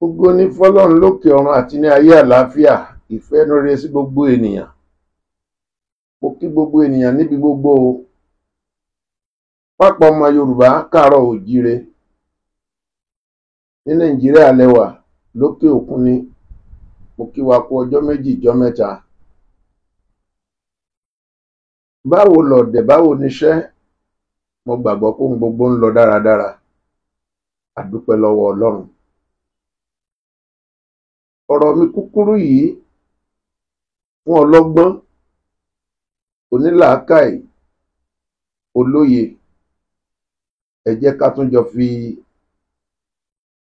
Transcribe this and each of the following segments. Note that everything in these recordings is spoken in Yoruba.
gbogbo ni fọlọ́run lókè ọ̀run àti ní ayé àlàáfíà ìfẹ́ sí gbogbo ènìyàn mo kí gbogbo ènìyàn níbi gbogbo o pápá ọmọ yorùbá káàárọ̀ òjíire ní nàìjíríà lẹ́wà lókè òkun ni mo kí wa kú ọjọ́ méjì mẹ́ta báwo lọ̀dẹ̀ báwo níṣẹ́ mo gbogbo ń lọ dáradára ọ̀rọ̀ mi kúkúrú yìí fún ọlọ́gbọ́n onílàákàyè olóye ẹ jẹ́ ká tún jọ fi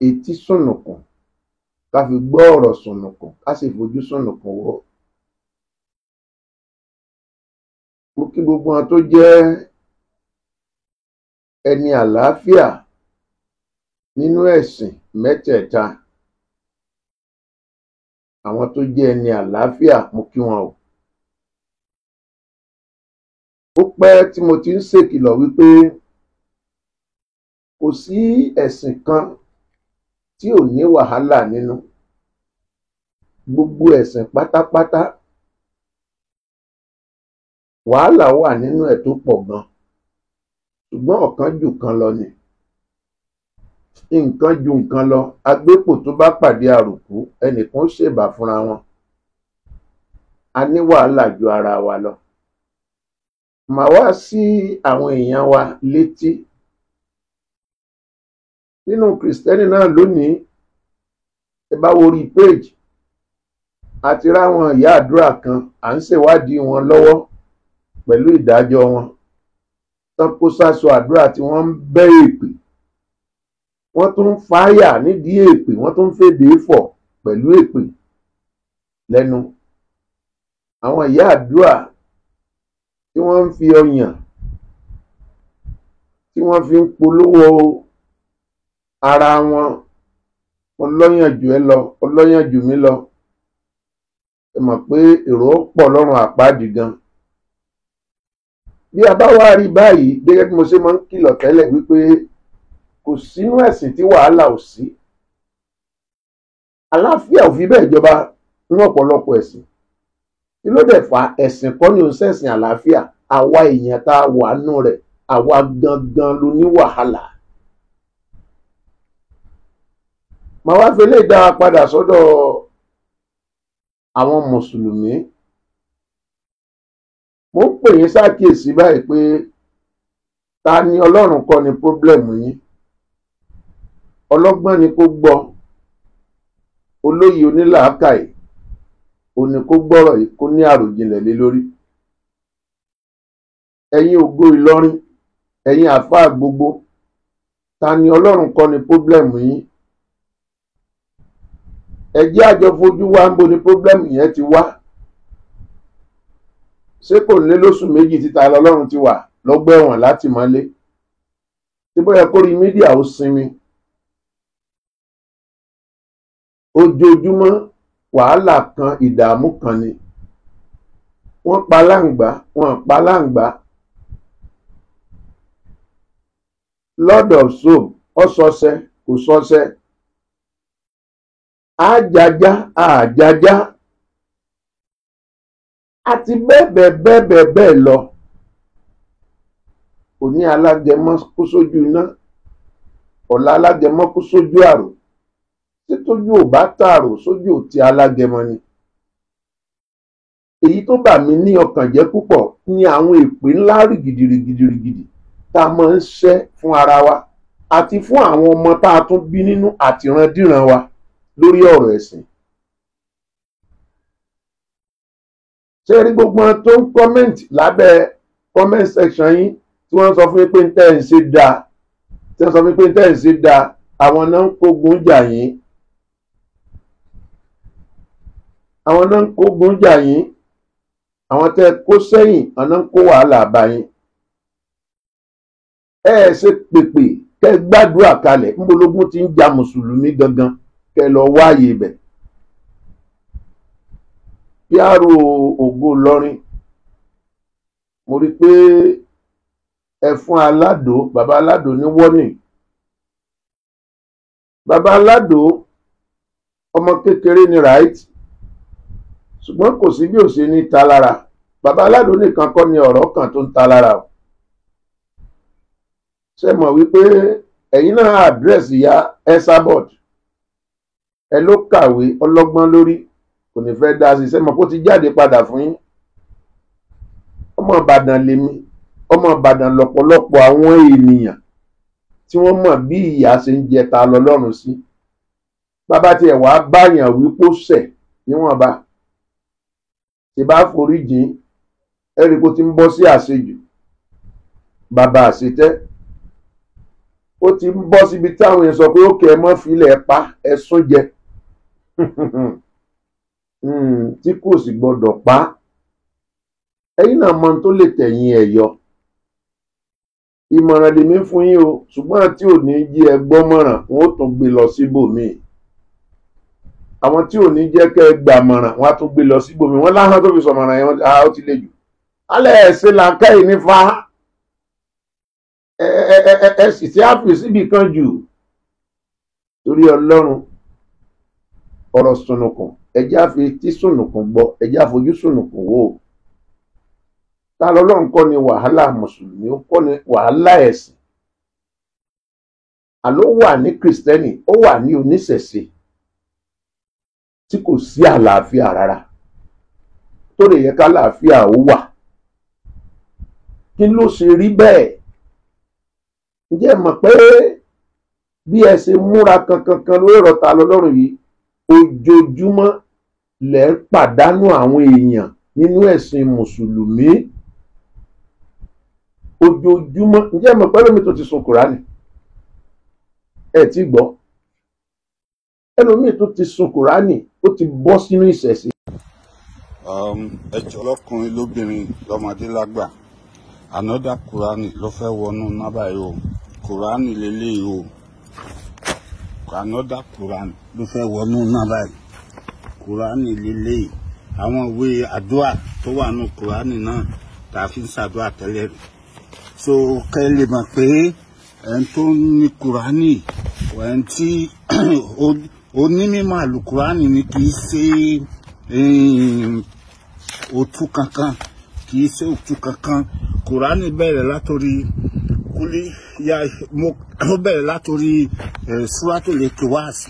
etí sùnùkùn ká fi gbọ́ ọ̀rọ̀ sùnùkùn ká sì fojú sùnùkùn wò. mo kí gbogbo wọn tó jẹ́ ẹni àlàáfíà nínú ẹ̀sìn mẹ́tẹ̀ẹ̀ta àwọn tó jẹ́ ẹni àlàáfíà mo kí wọn o. ó pẹ́ tí mo ti ń ṣèkìlọ̀ wípé kò sí ẹ̀sìn kan tí ò ní wàhálà nínú gbogbo ẹ̀sìn pátápátá wàhálà wà nínú ẹ̀ tó pọ̀ gan ṣùgbọ́n ọ̀kan jù kan lọ ni nǹkan ju nǹkan lọ agbépò tó bá pàdé àròkù ẹnìkan ó ṣèbà fúnra wọn a ní wàhálà ju ara wa lọ màá wá sí àwọn èèyàn wa létí nínú kìrìsìtẹ́nì náà lónìí ẹ bá wo rí péjì àti ráwọn ìyá àdúrà kan à ń ṣèwádìí wọn lọ́wọ́ pẹ̀lú ìdájọ́ wọn tán àdúrà tí wọ́n ń bẹ́ èpè wọ́n tún ń fáyà nídìí èpè wọ́n tún ń fèdè fọ̀ pẹ̀lú èpè lẹ́nu àwọn ìyá àdúrà tí wọ́n ń fi ọyàn tí wọ́n fi ń polówó ara wọn ọlọ́yànjú ẹ lọ ọlọ́yànjú mi lọ ẹ mọ̀ pé èrò pọ̀ lọ́rùn àpáàdì gan bí a bá wá rí báyìí gẹ́gẹ́ bí mo ṣe máa ń kìlọ̀ tẹ́lẹ̀ wípé kò sínú ẹ̀sìn tí wàhálà ò sí àlàáfíà ò fi bẹ́ẹ̀ jọba ní ọ̀pọ̀lọpọ̀ ẹ̀sìn kí ló dẹ̀ fa ẹ̀sìn kọ́ ni ò ń ṣẹ̀sìn àlàáfíà àwa èèyàn tá a wà nù rẹ̀ àwa gangan ló ní wàhálà. màá wá fi lè dá a padà sọ́dọ̀ àwọn mùsùlùmí mo ń pè yín sákìyèsí báyìí pé ta ni ọlọ́run kọ́ ni pírọ́blẹ̀mù yín ọlọ́gbọ́n ni kó gbọ́ olóyè onílàákàyè òní kó gbọ́rọ̀ yìí kó ní àròjinlẹ̀ lé lórí ẹ̀yin ògo Ìlọrin ẹ̀yin àfáà gbogbo ta ni Ọlọ́run kọ́ ni pọ́blẹ́mù yín ẹ àjọ fojú wa ń bo ni pọ́blẹ́mù yẹn ti wá ṣé kò ní lóṣù méjì títa Ọlọ́run ti wà lọ́gbà láti mọ́lé tí bóyá kórìí mídíà ó sinmi. ojoojúmọ́ wàhálà kan ìdààmú kan ni wọ́n pa láǹgbá wọ́n pa láǹgbá lord of soap ọsọsẹ kò sọsẹ àjàjá àjàjá àti bẹ́ẹ̀ bẹ́ẹ̀ bẹ́ẹ̀ bẹ́ẹ̀ lọ òní alágẹmọ kó sójú iná ọ̀la alágẹmọ kó sójú àrò ṣé tójú ò bá tààrò sójú ò ti alágẹmọ ni èyí tó bà mí ní ọkàn jẹ́ púpọ̀ ni àwọn èpè ńlá rìgìdìrìgìdìrìgìdì tá a máa ń ṣẹ́ fún ara wa àti fún àwọn ọmọ tá a tún bí nínú àtìrandíran wa lórí ọ̀rọ̀ ẹ̀sìn. ṣé rí gbogbo wọn tó ń comment lábẹ́ comment section yín tí wọ́n sọ fún mi pé ń tẹ́ ẹ̀ ń ṣe dáa tí wọ́n sọ fún mi pé ń tẹ́ ẹ̀ ń ṣe dáa àwọn náà ń kógun jà yín àwọn náà ń kó gbóúnjà yín àwọn tẹ kó sẹ́yìn àwọn náà ń kó wàhálà bá yín ẹ ẹ ṣe pèpè kẹ́ gbàdúrà kalẹ̀ ńbológún ti ń ja mùsùlùmí gangan kẹ lọ wáàyè bẹ yàrá ògo lọrin mo rí i pé ẹ fún aládò bàbá aládò ní wọ́nì bàbá aládò ọmọ kékeré ni right ṣùgbọ́n kò sí bí ò ṣe ní ta lára bàbá aládùn nìkan kọ́ ni ọ̀rọ̀ kan tó ń ta lára o ṣe mọ̀ wípé ẹ̀yin náà àdírẹ́sì ya ẹsàbọ̀d ẹ ló kàwé ọlọ́gbọ́n lórí kò ní fẹ́ dá sí ṣe mọ̀ kó ti jáde padà fún yín ọmọ ìbàdàn lèmi ọmọ ìbàdàn lọ́pọ̀lọpọ̀ àwọn ènìyàn tí wọ́n mọ̀ bí ìyá ṣe ń jẹ ta lọ́lọ́run sí bàbá tiẹ̀ wàá báyàn wípó sẹ̀ níwọ̀nba tí bá forí jìn ẹ̀rí kó ti ń bọ́ sí àṣejù bàbá àṣetẹ́ ó ti ń bọ́ síbi táwọn èèyàn sọ pé ó kẹ́ ẹ mọ́ filẹ̀ pa ẹ̀sùn jẹ hmm, tí kò sì gbọdọ̀ pa ẹ̀yin náà mọ tó lè tẹ̀yìn ẹ̀ yọ ìmọ̀ràn lèmi fún yín o ṣùgbọ́n àti òní jí ẹ gbọ́ mọ̀ràn wọn ó tún gbé lọ síbòmíì àwọn tí ò ní jẹ́ kẹ́ gbàmọ̀ràn wọn á tún gbé lọ síbòmí wọn láhàn tó fi sọ̀mọ̀ràn yẹn ah, ó ti le jù alẹ́ ẹ̀sìn làǹkà yìí ní fa ẹ sì ti àpè síbi kan jù torí ọlọ́run ọ̀rọ̀ sùnùkùn ẹjẹ́ àfi tí sùnùkùn gbọ́ ẹjẹ́ àfojú sùnùkùn wò ó ta lọ́lọ́run kọ́ ni wàhálà mùsùlùmí ó kọ́ ni wàhálà ẹ̀sìn àló wà ní kìrìsìtẹ́nì ó wà ní oníṣẹ̀ṣe tí kò sí àlàáfíà rárá tó lè yẹ ká àlàáfíà ó wà kí ló ṣe rí bẹ́ẹ̀ ǹjẹ́ mọ̀ pé bí ẹ ṣe múra kankankan lórí ọ̀rọ̀ ta lọ́lọ́run yìí ojoojúmọ́ lẹ̀ ń pàdánù àwọn èèyàn nínú ẹ̀sìn mùsùlùmí ojoojúmọ́ ǹjẹ́ mọ̀ pé lómi tó ti sun kùránì ẹ̀ tí gbọ́ ẹlòmíì tó ti sun kùránì ó ti bọ́ sínú ìṣẹ̀ṣe. Um, ẹjọ́ ọlọ́kùnrin lóbìnrin lọ́mọdé lágbà anoda kùránì ló fẹ́ wọnú nábà yìí o kùránì lélẹ́yìí o anoda kùránì ló fẹ́ wọnú nábà yìí kùránì lélẹ́yìí àwọn ìwé àdúrà tó wà nù kùránì náà tá a fi ń ṣàdúrà tẹ́lẹ̀ rẹ̀ so kẹ́ ẹ lè mọ̀ pé ẹni tó ní kùránì ẹni tí ó onímọ̀ àlùkùránì ni kì í ṣe eh, òtún kankan kì í ṣe òtún kankan kùránì bẹ̀rẹ̀ látòrí kúlí ya mo ó bẹ̀rẹ̀ látòrí ṣúrátò lè kíwáàsì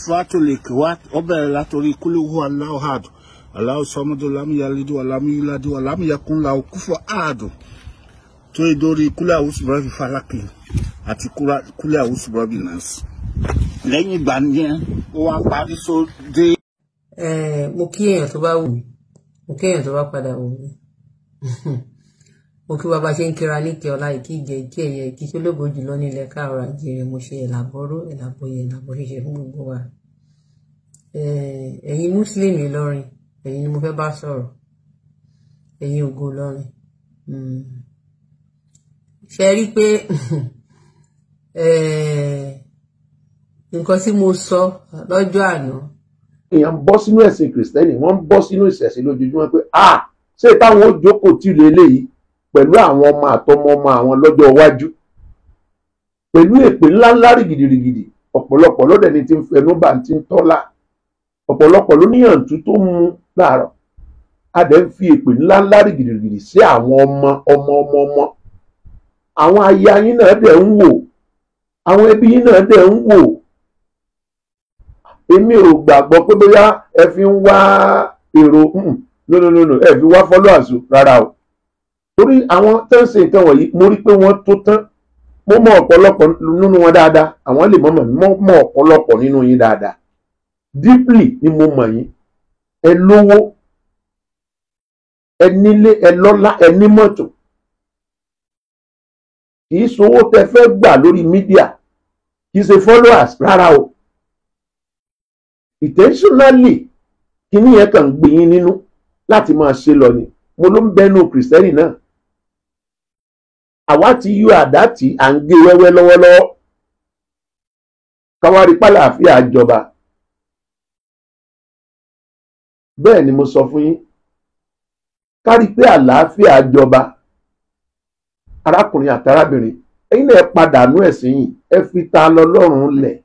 ṣúrátò lè kíwáàsì ó bẹ̀rẹ̀ látòrí kúlí hu aláhàdù aláhùsọmọdé lámúyálídó alámúyíládó alámúyakúnlá òkúfọ àádù tó yẹ dórí kúlí àwùsùbọ́bì fálákì àti kúlí àwùsùbọ́bì náà sí lẹ́yìn ìgbà yẹn ó wá parí sóde. mo kí èèyàn tó bá wù mí mo kí èèyàn tó bá padà wù mí mo kí bàbá ṣe ń kíra níkẹ ọlá ìkí ìjẹ ìkí ẹyẹ ìkí tó lógo jùlọ nílẹ̀ káàárọ̀ àjíire mo ṣe ìlàbọrọ ìlàbọyẹ ìlàbọṣẹṣẹ fún gbogbo wa ẹ̀yin muslim Ìlọrin ẹ̀yin ni mo fẹ́ bá sọ̀rọ̀ ẹ̀yin ògo Ìlọrin hmm. ṣe rí pé. nǹkan tí mo sọ lọ́jọ́ àná. èèyàn bọ́ sínú ẹ̀sìn kìrìsìtẹ́nì wọ́n ń bọ́ sínú ìṣẹ̀sìn lójoojúmọ́ pé a ṣé táwọn ó jókòó tí ilé eléyìí pẹ̀lú àwọn ọmọ àtọmọ ọmọ àwọn lọ́jọ́ iwájú pẹ̀lú èpè ńláńlá rìgìdìrìgìdì ọ̀pọ̀lọpọ̀ lọ́dẹ̀ ni ti ń fẹnu bá ti ń tọ́lá ọ̀pọ̀lọpọ̀ ló níyànjú tó mú láàárọ̀ a dẹ̀ ń fi èpè ńláńlá rìgìdìrìgìdì sí àwọn ọmọ ọmọ ọmọ ọmọ àwọn aya yín náà dẹ̀ ń wò àwọn ẹbí yín náà dẹ̀ ń wò èmi ò gbàgbọ́ pé bóyá ẹ fi ń wá èrò hmm, no no no no ẹ fi wá followers o rárá o torí àwọn tó ń ṣe nǹkan wọ̀nyí mo rí pé wọ́n tó tán mo mọ ọ̀pọ̀lọpọ̀ nínú wọn dáadáa àwọn lè mọ̀ mọ̀ mọ̀ ọ̀pọ̀lọpọ̀ nínú yín dáadáa deeply ni mo mọ̀ yín ẹ lówó ẹ nílé ẹ lọ́lá ẹ ní mọ́tò kì í sowó tẹ fẹ́ gbà lórí mídíà kì í ṣe followers rárá o intentionally kíní yẹn kan ń gbìyìn nínú láti máa ṣe lọ ni mo ló ń bẹnu kìrìsìtẹ́nì náà àwa ti yọ àdá tí à ń gé wẹ́wẹ́ lọ́wọ́lọ́wọ́ káwárí pálàáfíà jọba bẹ́ẹ̀ ni mo sọ fún yín kárí pé àlàáfíà jọba arákùnrin àtàrábìnrin ẹ̀yin náà ẹ padà nú ẹ̀sìn yìí ẹ fi ta lọ́lọ́run lẹ̀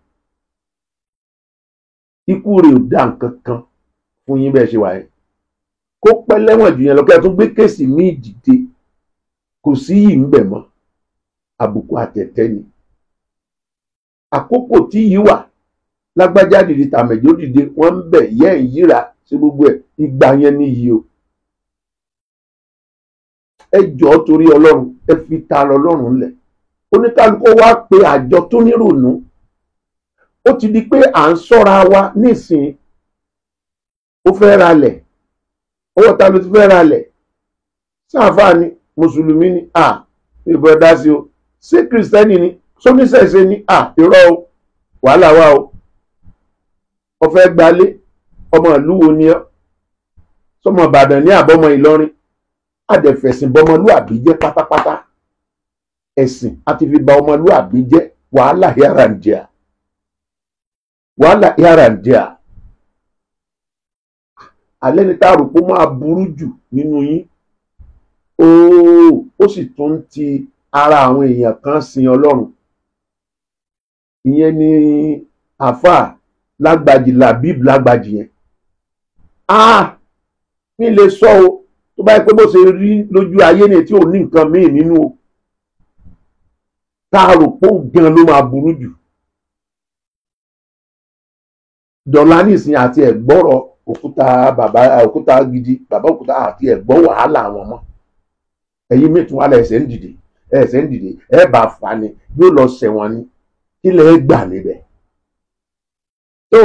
ikú rẹ̀ ò dá nǹkan kan fún yín bẹ́ẹ̀ ṣe wà yẹn kó pẹ́ lẹ́wọ̀n jù yẹn lọ kí a tún gbé kéèsì míì dìde kò sí yìí ń bẹ̀ mọ́ àbùkù àtẹ̀tẹ̀ ni àkókò tí yìí wà lágbájá dìde tàmẹ̀jọ́ dìde wọ́n ń bẹ̀ yẹ́ ẹ̀ yíra sí gbogbo ẹ̀ ìgbà yẹn níyì o ẹ jọ̀ọ́ torí ọlọ́run ẹ fi ta lọ́lọ́run lẹ̀ oníkálukú wá pe àjọ tó nírònú ó ti di pé à ń sọ́ra wa nísìn ó fẹ́ ralẹ̀ owó ta ló ti fẹ́ ralẹ̀ sáfà ni mùsùlùmí ni à ìbọn ẹ̀dá sí o ṣé kìrìsìtẹ́nì ni sóníṣẹ̀ṣe ni à irọ́ o wàhálà wà o ó fẹ́ gbalé ọmọ ìlú wo ni ọ́ sọmọ ìbàdàn ní àbọ̀mọ ìlọrin àdẹ̀fẹ̀sìn bọmọlúàbí jẹ́ pátápátá ẹ̀sìn àti fi ba ọmọlúàbí jẹ́ wàhálà yàrá ń jẹ́ à wàhálà here and there alẹ́ ni tá a rò pé ó máa burú jù nínú yín ó sì tún ti ara àwọn èèyàn kan sin ọlọ́run ìyẹn ni àáfàá lágbàjì làbíb lágbàjì yẹn ah mi lè sọ o tó bá pé bó ṣe rí lójú ayé ni tí ò ní nǹkan míì nínú o tá a rò pé ó gan ló máa burú jù dọ̀là nísìn àti ẹ̀gbọ́rọ̀ òkúta bàbá òkúta gidi bàbá òkúta àti ẹ̀gbọ́ wàhálà wọn mọ́ ẹ̀yin mìtún wàhálà ẹ̀sẹ̀ ń dìde ẹ̀sẹ̀ ń dìde ẹ̀ bá fa ni yóò lọ sẹ̀wọ̀n ni ilẹ̀ gbà níbẹ̀ tó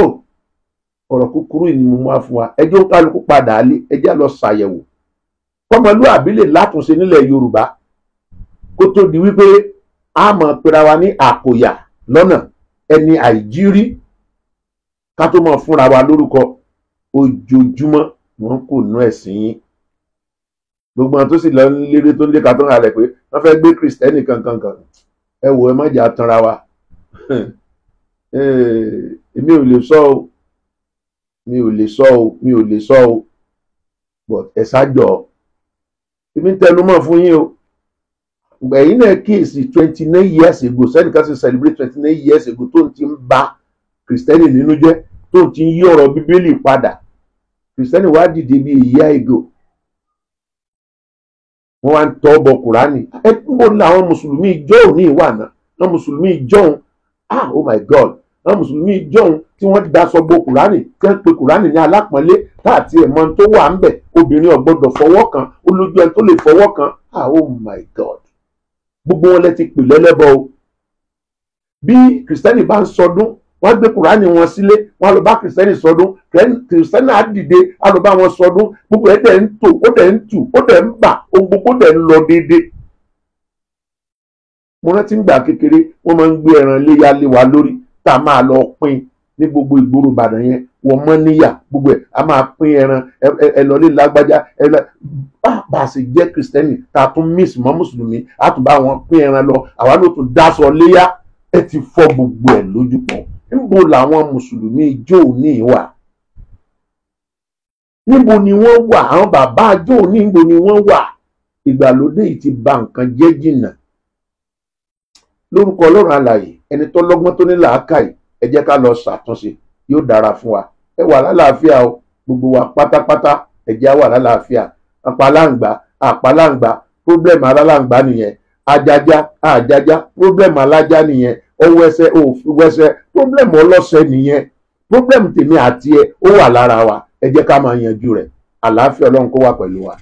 ọ̀rọ̀ kúkúrú ni mo máa fún wa ẹjọ́ kálukú padà lé ẹjẹ́ lọ ṣàyẹ̀wò kọ́mọlúàbí lè látúnṣe nílẹ̀ Yorùbá kó tó di wípé a mọ̀ wa ní àkòyà lọ́nà ẹni àìjírí ká tó mọ̀ fúnra wa lórúkọ ojoojúmọ́ wọn kò nú ẹ̀sìn yín gbogbo àwọn tó sì lọ léré tó ń léka tó ń halẹ̀ pé wọ́n fẹ́ gbé kristẹni kankan kan ẹ wò ẹ má jà tanra wa èmi ò lè sọ o mi ò lè sọ o mi ò lè sọ o but ẹ ṣáàjọ èmi ń tẹnu mọ́ fún yín o ẹ̀yin náà kíyèsí twenty nine years ago sẹ́nìkan sì celebrate twenty nine years ago tó ń ti ń bá kìrìsìtẹ́nì nínú jẹ́ tó ti ń yí ọrọ bíbélì padà kìrìsìtẹ́nì wá dìde bí ìyá ìgò wọ́n wá ń tọ́ ọbọ̀ kùránì ẹ kúrò ní àwọn mùsùlùmí ìjọ́un ní ìwà náà àwọn mùsùlùmí ìjọ́un ah oh my god àwọn mùsùlùmí ìjọ́un tí wọ́n daṣọ bo kùránì tí wọ́n pe kùránì ní alápọ̀nlé káàtì ẹ̀mọ́ tó wà ń bẹ̀ obìnrin ọgbọdọ fọwọ kan olójú ẹni tó lè fọwọ kan ah oh my god gbogbo wọn lẹ ti pè lẹ́lẹ́bọ o bí kìrìsìtẹ́nì bá ń sọdún wọ́n gbé kùránì wọn sílé wọ́n lọ bá kìrìsìtẹ́nì sọdún kìrìsìtẹ́nì á dìde á lọ bá wọn sọdún gbogbo ẹ̀ dẹ̀ ń tò ó dẹ̀ ń tù ó dẹ̀ ń bà ohun gbogbo dẹ̀ ń lọ déédéé. mo rántí ngbà kékeré wọ́n máa ń gbé ẹran léyà lé wa lórí tá a máa lọ pín ní gbogbo ìgboro Ìbàdàn yẹn wọ́n mọ́ níyà gbogbo ẹ̀ a máa pín ẹran ẹ lọ lé lágbájá ẹ bá a sì jẹ́ kìrìsìtẹ́nì tá a tún mí ìsìnmọ́ mùsùlùmí a tún bá wọn pín ẹran lọ àwa ló tún dáṣọ léyà ẹ ti fọ́ gbogbo ẹ̀ lójú pọ̀ níbo làwọn mùsùlùmí ijó òní wà níbo ni wọ́n wà àwọn bàbá ijó òní níbo ni wọ́n wà ìgbàlódé yìí ti ba nǹkan jẹ́ jìnnà lórúkọ ọlọ́run alàyè ẹni tó lọ́gbọ́n tó ní làákàyè ẹ jẹ́ ká lọ ṣàtúnṣe yóò dára fún wa ẹ wà lálàáfíà o gbogbo wa pátápátá ẹ jẹ́ wà lálàáfíà àpàlàǹgbà àpàlàǹgbà pírọ́blẹ̀mù alálàǹgbà nìyẹn ajaja àjaja pírọ́blẹ̀mù alájá nìyẹn ọwẹsẹ òwẹsẹ pọblẹmù ọlọsẹ nìyẹn pọblẹmù tèmi àti ẹ ó wà lára wa ẹ jẹ́ ká máa yanjú rẹ̀ àlàáfíà Ọlọ́run kó wà pẹ̀lú wa.